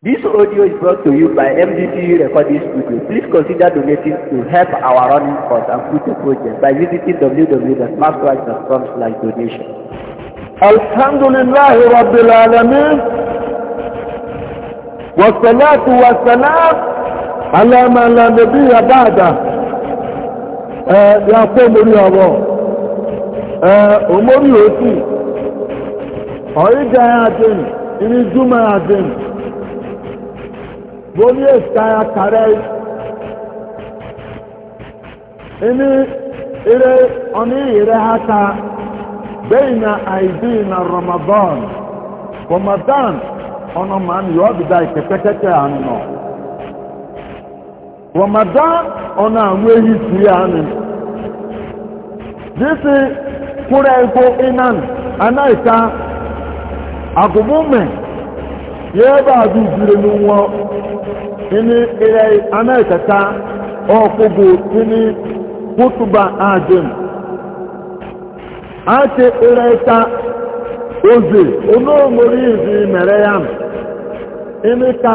This audio is brought to you by MDCU Recording Studio. Please consider donating to help our running costs and future projects by visiting www.smartwatch.com slash donation. Alhamdulillah Rabbil Alameen Wassalatu wassalam ala ma la nabiyya ba'da Eh ya ko mori owo Eh o mori otu Oyi ga ya din juma ya Bolieska Karej. Ini ire oni ire haka beina na Ramadan. Ramadan ono man yo bidai kekekeke anno. Ramadan ona anwehi tiya anin. Disi kure iko inan anaika agubume yẹ bá a dùn ìdúró ní wọn ní ilẹ̀ amẹ́ríkà ta ọ̀kọ́gbò tí ní kútùbà àjẹm àti ilẹ̀ ta ozi onóòmórí ìzì mẹ̀rẹ̀ yá ní ta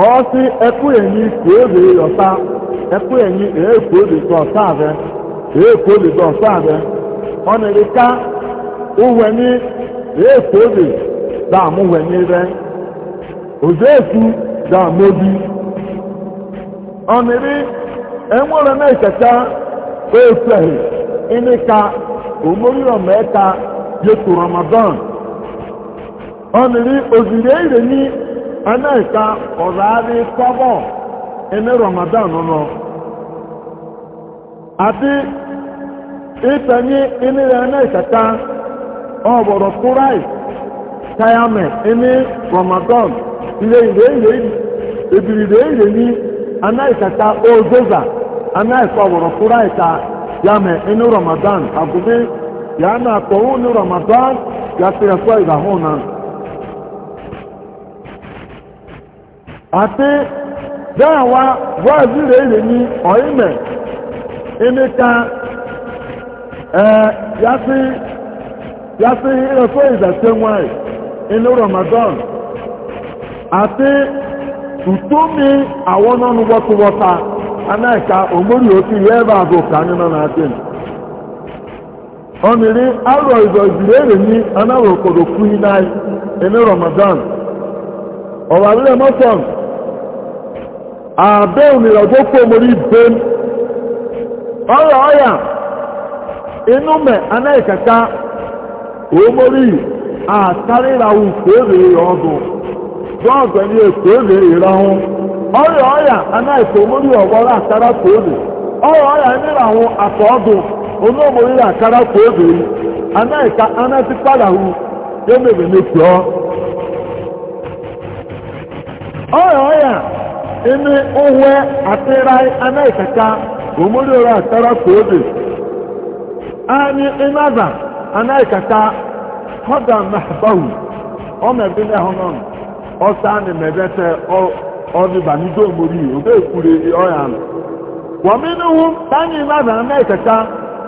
ọ̀ọ́sí ẹkú ẹ̀yìn kò èbè ọ̀tá ẹkú ẹ̀yìn èèkó òdì ọ̀tá ọ̀tá daamu we ni ere, ozi eku daamobi, ọmiri enwere na-eketa ọkpẹrị ine ka ụmụriya mme ka yoto Ramadan, ọmiri oziri e rè ní ana-eka ọzari Ramadan nọ adị ịtanye nye enere ana-eketa ọbọrọ tayamẹ ẹni ramadan ilé ìlé ìlé ìbìrì ìlé ìlé ní anáìkàtà ozoza anáìkọ wọ̀rọ̀ fúra ìta yamẹ ẹni ramadan àgùnmí yana àtọ̀hún ní ramadan yàtí ẹ̀fọ́ ìgbàhún ati àti bẹ́ẹ̀ wá wáàzí ìlé ìlé ní ọ̀ìmẹ̀ ẹni ká ẹ̀ yàtí yàtí ẹ̀fọ́ ìgbàsẹ̀ wáyé. inú ramadan àti ìtómi àwọn nánú wọ́túwọ́ta anáìka òmórí òkú yẹ́bà àbò kàánú náà àti ẹ̀nà ọmọdé arọ ìzọ ìdìrẹ́rẹ̀ ní anáwọ̀ òkòdò kú iná inú ramadan ọ̀wà rẹ̀ mọ́sàn àbẹ́ òmìnira tó kó mórí bẹ́m ọ̀rọ̀ ọ̀yà inú mẹ́ anáìkàká àtàríra òkèèrè ọdún bọ́ọ̀dọ̀ ní èkèèrè ìrọ̀hún ọrịa ọrịa anáìkò mórí ọ̀gbọ́rọ̀ àkàrà kòódè ọrịa ọrịa nílò àwọn àtọ́ọ̀dùn onóòmórí àkàrà kòódè yìí anáìka anáti padà hù yóò mèbè mèpì ọ́ ọrịa ọrịa ẹni òwe àtẹ́ra anáìkàkà òmórí ọrịa àkàrà kòódè anyị ịnada anáìkàkà قدم محبوب أما بنا هنا أصلا مبتة أرض بني دومري وبيكوري أيام ومنهم تاني ماذا ميتة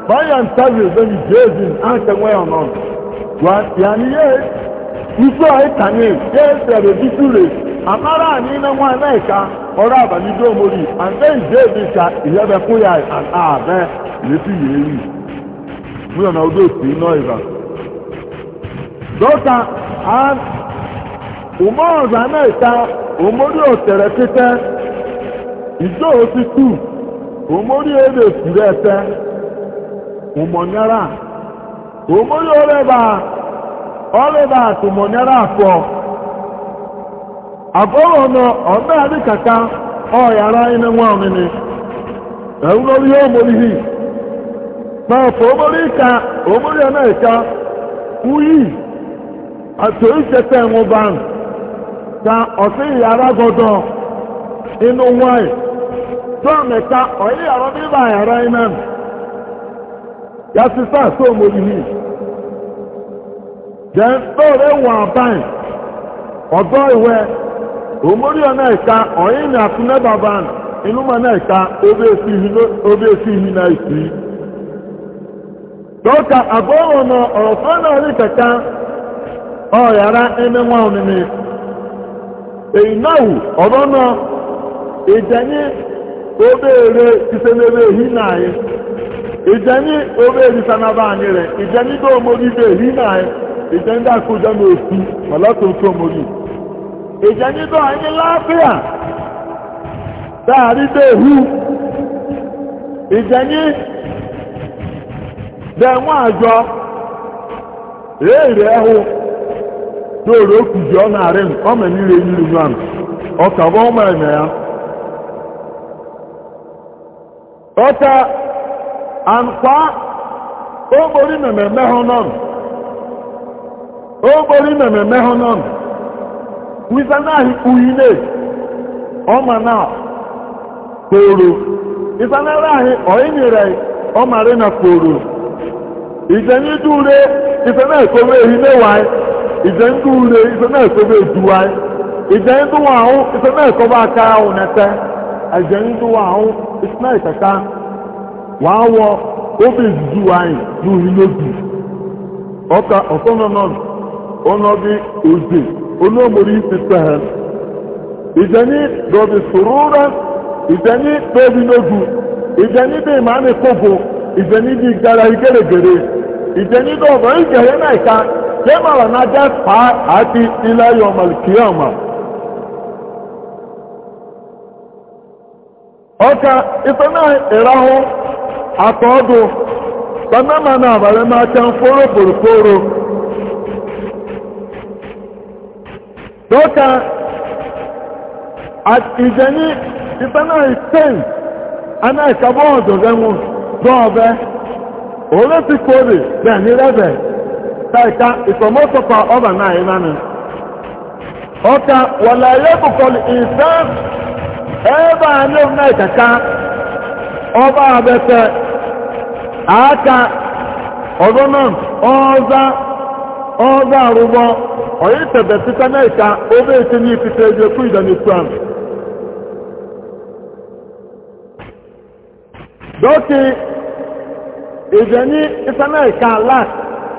بيان تجري بني جيزين أنت ويانا ويعني ife ọ̀ẹ́kànnì yẹ́ dọta a ụmụ ọrụ na-eta omori otere izo osisi omori ebe efuru ete ụmụnyara omori ọrịba ọrịba atụmụnyara afọ agọrọ na ọmegharị kaka ọyara ịne nwa ọmịnị ẹ̀rúnlórí yóò mórí yìí máa fọ́ mórí ìka àtòyí tẹtẹ ń bá ń ta ọ̀sẹ̀ yàrá gọdọ̀ inú wáyé tó mẹ́ta ọ̀yẹ́ yàrá bíbá yàrá iná yàtí sáà tó mo yìí jẹ́ tóòrẹ́ wọ̀ àbáyé ọ̀dọ́ ìwẹ́ òmórí ọ̀nà ìka ọ̀yẹ́ ní àtúnẹ́ bàbá inú mọ̀ náà ìka obi èsì ìhìn náà ìsì tọ́ka àbọ̀wọ̀n ọ̀rọ̀ fún náà rí kẹta Ọ yara ịnụ nwa onini. Enyinaụ ọ bụ ọnọ ijenyi obeere isemebe hi na anyị ijenyi obe erisanaba nyere ijenyi ndị ọmụdị na-ehi na anyị ijenyi ndị akụja na-esu mala tum tum ọmụdị ijenyi ndị ọhịa ihe laafịa daara ide hu ijenyi n'enwe ajọ eere ahụ. dóòrò okùjì ọ na-arị m ọ mere nri yiri nwa m ọ ka bụ ọma eme ya ọta ankwa ogbori mmemme hụ nọ ogbori mmemme hụ nọ wisa naghị uyi na ọma na kporo isa nara ahị ọyị nyere ọmarị na kporo isenye ure isenye ekoro ehi mewa anyị ìdẹ́ntu ure ìsọ̀nà ẹ̀kọ́ bẹ́ẹ̀ duwa ìdẹ́ntu wà áhù ìsọ̀nà ẹ̀kọ́ bá ká áhù nẹ́tẹ́ ìdẹ́ntu wà áhù ìsọ̀nà ìkàkà wà áwọ obi duwa yìí ní òyìn lóbi ọkà ọ̀sọ́nọ́nọ́ ọ̀nọ́bi òjè onóòmòrí ti sẹ́hẹ̀ ìdẹ́ni dọ̀bi sòrúurẹ́ ìdẹ́ni bẹ́ẹ̀bi lójú ìdẹ́ni bẹ́ẹ̀ máa ní kóbo ìdẹ́ni bíi gara igérégéré ìdẹ́ni dọ̀bọ̀ ìgẹ̀rẹ́ náà ká sai malana just fa happy ila yawmal qiyama oka ifana irahu atodu sanna mana bare ma can foro porporo doka at ijeni ifana iten ana ikabo odo remu do obe ore ti kore bẹ́ẹ̀ ni rẹ́bẹ̀ẹ́ taika ìsọmọ́sọ̀fà ọba náà yìí náà ni ọta wàlá yẹ́bùkọ̀lù ìsán ẹ̀ẹ́bà ní ọ̀nà ìkàkà ọba abẹ́fẹ́ àáka ọ̀dọ́ náà ọ̀ọ́zá ọ̀ọ́zá àrùbọ ọ̀yí tẹ̀bẹ̀ síta náà ìka ọba ètò ní ìfìtẹ̀ ẹ̀jẹ̀ fún ìdánilẹ́kùn àmì dọ́kì ìjẹ̀ ní láti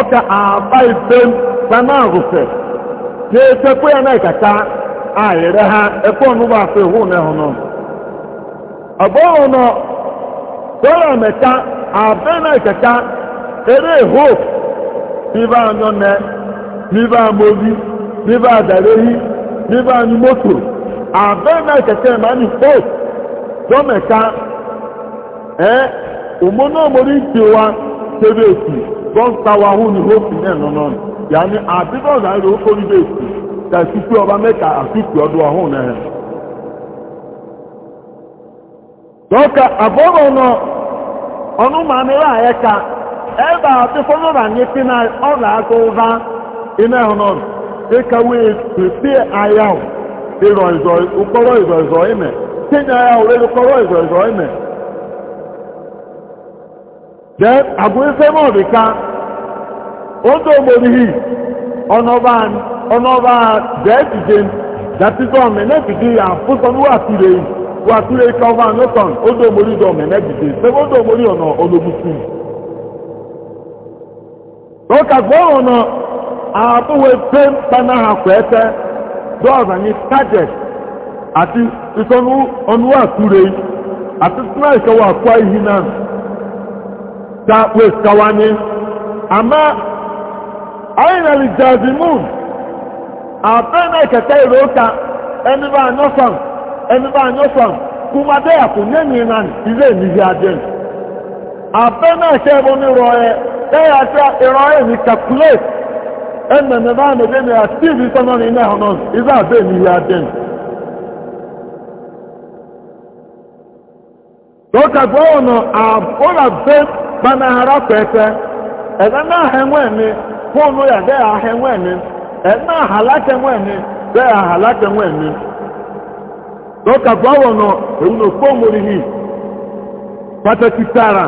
ọka aba ibem sana ahụfẹ na etekwe ya na ikaka a yere ha ekwe ọnụba afọ ihu na ịhụ nọ ọbụghị nọ sọrọ meka abe na ikaka ere ihu n'ibe anyọ nne n'ibe amobi n'ibe adarehi n'ibe anyị moto abe na ikaka ma anyị fo sọ meka ee ụmụ na omori nkewa bẹ́ẹ̀ èsì bọ́ọ̀sì táwa hù ní hóòpì náà nọ́nà yàní àti bọ́ọ̀sì àìrò ó kórì bẹ́ẹ̀ èsì tàìsí pé ọba mẹ́ta àfíìsì ọdún ọ̀hún náà. lọ́ọ̀kà àbọ̀rọ̀ náà ọ̀nù màmílà ẹ̀ka ẹ̀bà àti fọ́nrán ní pínà ọ̀rọ̀ àgọ́gá iná ẹ̀hún náà ìkàwé pèsè àyà ìrọ̀ ìzọ̀ ìkọ́rọ̀ ìzọ̀ ìzọ̀ ìmẹ̀ then agụnfe ma ọdịka otu ogborihi ọnọba ọnọba dẹẹtijin datizọ mẹnẹtijin afụsọnụ watụre watụre kọva nọtọn otu ogbori dọ mẹnẹtijin sebe ụzọ ogbori ọnọ ologbusu lọka gbọrọ nọ abụwe pem kpana ha kwete dọọzụ anyị tajet ati ịsọnụ ọnụ watụre ati snaịkọwa akwa ihi na ta weskawanye ama aina lijazimun abena ikete iroka ẹni bá anyọ́sàn ẹni bá anyọ́sàn kúmadé àkúnyẹ́nyìn náà ilé ìníbi adé abena ikẹ́ ẹbọ ní rọ ẹ lẹ́yìn àti ìrọ ẹ ní calculate ẹnna ní bá àmì dẹ́nu ya steve sọ́nà ní ilé ọ̀nà ilé àbẹ́ ìníbi adé lọ́kàgbọ́ ọ̀nà àbúrò àbẹ́ bana hara pẹpẹ ẹ̀dá náà hẹ̀wọ̀n ẹ̀mí fóònù yà dẹ́ àhẹ̀wọ̀n ẹ̀mí ẹ̀dá àhàlátẹ̀wọ̀n ẹ̀mí dẹ́ àhàlátẹ̀wọ̀n ẹ̀mí lọ́kà bọ́wọ̀ nọ èyí ló fóònù rí hì pàtàkì tààrà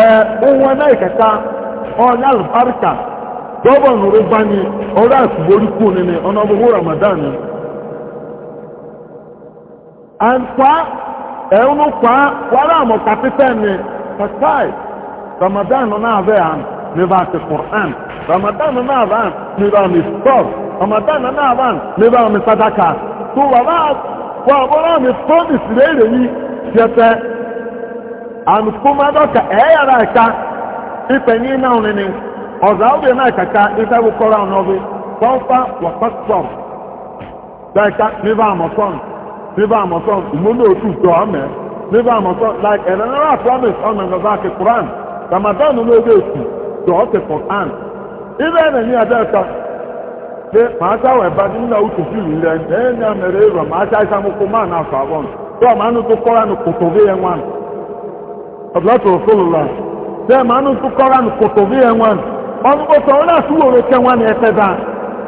ẹ̀ ohun ẹ̀ná ìkẹta ọ̀nà àlùfáríkà bọ́wọ̀ nù rí ramadan ni wàrà kai ramadan náà bẹ́ẹ̀ hàn me bá ti quran ramadan náà bá hàn ní bá mi stop ramadan náà bá hàn ní bá mi sadaka tó wà bá wà wọ́n mi promise rẹ̀ rẹ̀ yìí ṣẹfẹ́ àmì kúmọ́dọ́kà ẹ̀yàrá ẹ̀ka ìpẹ̀yìn náà nínú ọ̀zà obìnrin náà kàkà ìfẹ́wò kọ́ra ọ̀nà ọ̀bí pọ́ńpá wà pọ́sítọ̀m bẹ́ẹ̀ka níbà àmọ̀tọ́n níbà àmọ̀tọ́n ìmúlò òtútù ọ̀mẹ́ n'ebe a nọtọ like enenara promise ọ nọ n'ọba ake koran ramadan n'oge esi dị ọtị koran ibe enenyi ada ka de màá ma ẹ̀bá ní nínú àwọn tòṣì yìí rẹ ẹ̀ ní na èrò màá sá ìsá mọ́kó máa ma fà afọ abụọ àmà nù tó kọ́ra nù kòtò bí yẹn wọn ọ̀dọ́tò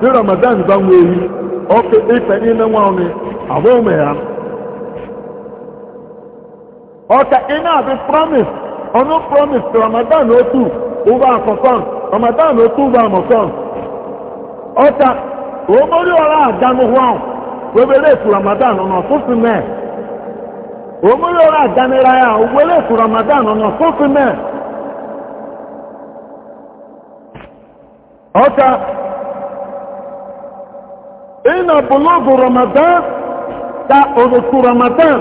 dị ramadan ọka iná àbí promise ọ̀nà promise ramadan otu ụba akọ̀kan ramadan otu ụba amọ̀kan ọka omori ọra adanụhụ ahụ webere efu ramadan ọ̀nà ọ̀tụtụ mee omori ọra adanịra ya webere efu ramadan ọ̀nà ọ̀tụtụ mee ọka ịna bụlọgụ ramadan ta ozoku ramadan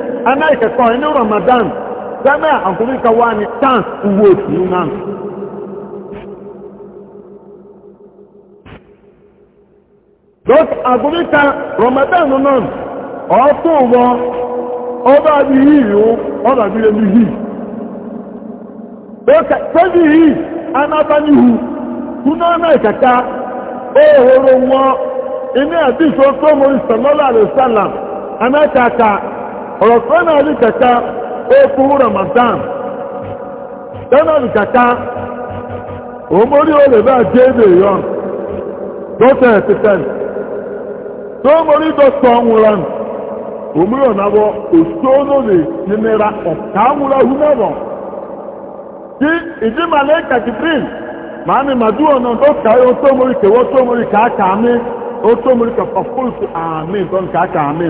anáìkẹ̀kọ́ inú ramadan zẹ́mẹ́ àkùnrin kan wá ní chance owó òtún náà lọ́tí àkùnrin kan ramadan náà ọ̀ọ́tún wọn ọba bí yìí o ọba bí lẹ́nu yìí lọ́tí pẹ́bí yìí anábánihu kúná anáìkẹ̀kọ́ òhòrò wọn inú àdìsọ́ tó ọ̀rọ̀ sọ́nà àlè kẹta okú ramadan sọ́nà àlè kẹta òmórí olè bá jẹ́ èdè yọ dọ́tẹ̀ ẹ̀tẹ̀tẹ̀ tó mórí dọ́tọ̀ ọ̀nwúra òmórí ọ̀nàbọ̀ òṣìṣẹ́ olè nìmẹ́ra ọ̀tá ọ̀nwúra húnẹ̀bọ̀ tí ìdímàlẹ́ kàkìtìrì màá ní màdúwọ̀ náà dọ́tà yóò tó mórí kẹwọ́ tó mórí kàákà àmì ó tó mórí kàfàkùrùsù àmì tó ń kàákà àmì.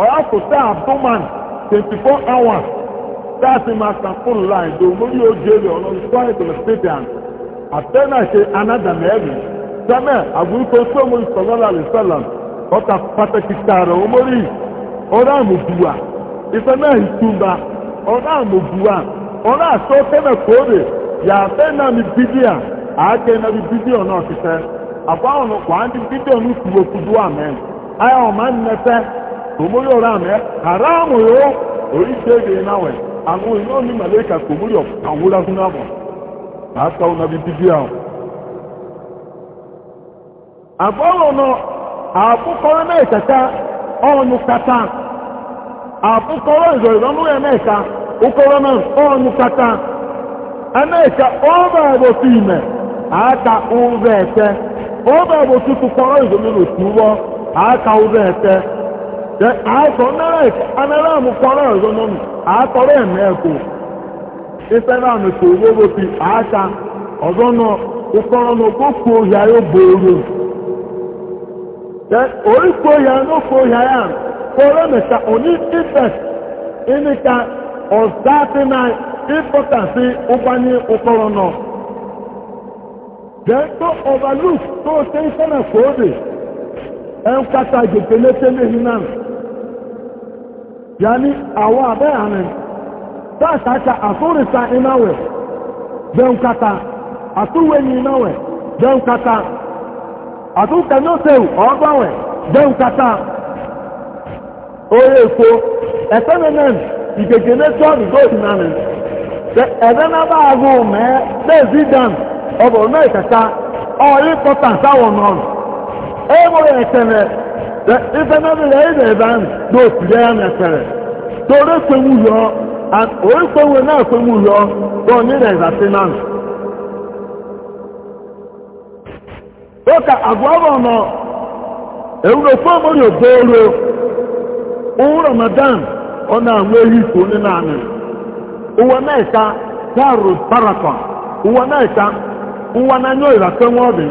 ọ̀yà kò sẹ́ abdomen 24 four hours sáàsì máa san fún line tó mórí ojú èrè ọlọ́run tó wáyé tó lè stadium àtẹ́nà ṣe anádàmẹ́ ẹ̀rì sẹ́mẹ̀ àbúrúkọ sọ́mu ìsọ̀lọ́lá lè sọ̀lọ̀ ọ̀tà pàtàkì tààrà ọmọrí ọ̀rọ̀ àmọ̀bùwà ìfẹ́mẹ́ ìtumba ọ̀rọ̀ àmọ̀bùwà ọ̀rọ̀ àṣọ sẹ́mẹ̀ kóòrè yàtẹ́ náà mi bídíà àákẹ́ náà mi bídíà náà ti fẹ́ àbáwọn ní bídíà ní ń nẹ́fẹ́ kòmórí ọ̀rọ̀ àmì ẹ́ haramu yóò oríṣiríṣi náà ẹ̀ àwọn iná ní màlẹ́kà kòmórí àwọn lágún náà mọ̀ láàtọ̀ ọ̀nà bíi bíbí àwọn. àbọ̀rọ̀ náà àbúkọ́rọ́ mẹ́ẹ̀kẹta ọ̀nù kata àbúkọ́rọ́ ìrọ̀ ìrọ̀nú ẹ̀ mẹ́ẹ̀ka òkọ́rọ́ náà ọ̀nù kata ẹ̀mẹ́ẹ̀ka ọ̀bẹ̀ ẹ̀bọ̀ fi ìmẹ̀ àáta ọ̀bẹ̀ ẹ̀tẹ́ ọ̀bẹ̀ ẹ̀bọ̀ tuntun kọ́rọ́ ìrọ̀nú àáta ọ̀bẹ̀ ẹ̀tẹ́ àátọ̀ náà anáráàmù kọ́rọ̀ ẹ̀rọ nọ́nù àátọ̀rọ̀ ẹ̀mẹ́ ẹ̀kọ́ ìfẹ́ràn ètò owó ti àáta ọ̀dọ́ náà ìkọ́rọ̀ náà tó kó ìyá yóò gbòòrò orí kó ìyá ló kó ìyá yà kọ́rọ̀ mẹ́ta òní ìfẹ́ ìníka ọ̀dá tí náà ìfọ́tà sí ọgbányé ìkọ́rọ̀ náà jẹ́ tó ọ̀bàlù tó ṣe ìfẹ́ràn kòódè ‘yan jepelete mehinan yani awa bayanin ta saka a tsorisa inawe don kata a tuwenyi inawe don kata a tuka nosewu ọgbanwe don kata oye ko efeminen igegene tọọdụ gold nanin ẹ̀dẹ́ náà bá aago mẹ́ẹ́ lẹ́ẹ̀zí dan ọbọ̀ náà kẹta ọ̀rí pọ́tà sáwọn náà ẹ̀wọ̀ ẹ̀tẹ̀rẹ̀ ìfẹ́mẹ́bìlẹ̀ ẹ̀dẹ̀ ìbán ló ti rẹ̀ ẹ̀mẹ̀tẹ̀rẹ̀ tó orí pẹ̀mú yọ orí pẹ̀mú náà pẹ̀mú yọ tó nílẹ̀ ìzàtí náà ó ka àgbọ̀bọ̀ ọ̀nà ewúro fún ọmọ yóò gbóòrò òun ramadan ọ̀nà àwọn èyí tó ní náà nì òwò náà ìta dáàrò bárakọ̀ òwò náà ìta òwò náà ní ìràpẹ́ wọn ọ̀dẹ̀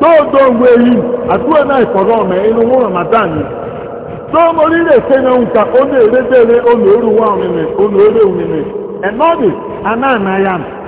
tóòdó òwe yìí àtúwẹ̀ náà ìkọ̀rọ̀ ọ̀nà inú wọn ramadan yìí tó mórí ọ ṣe ere nǹkan ó lè rédèrè olóoru wa ere olóoru enọghị ẹ̀nọ́ọ̀dì ana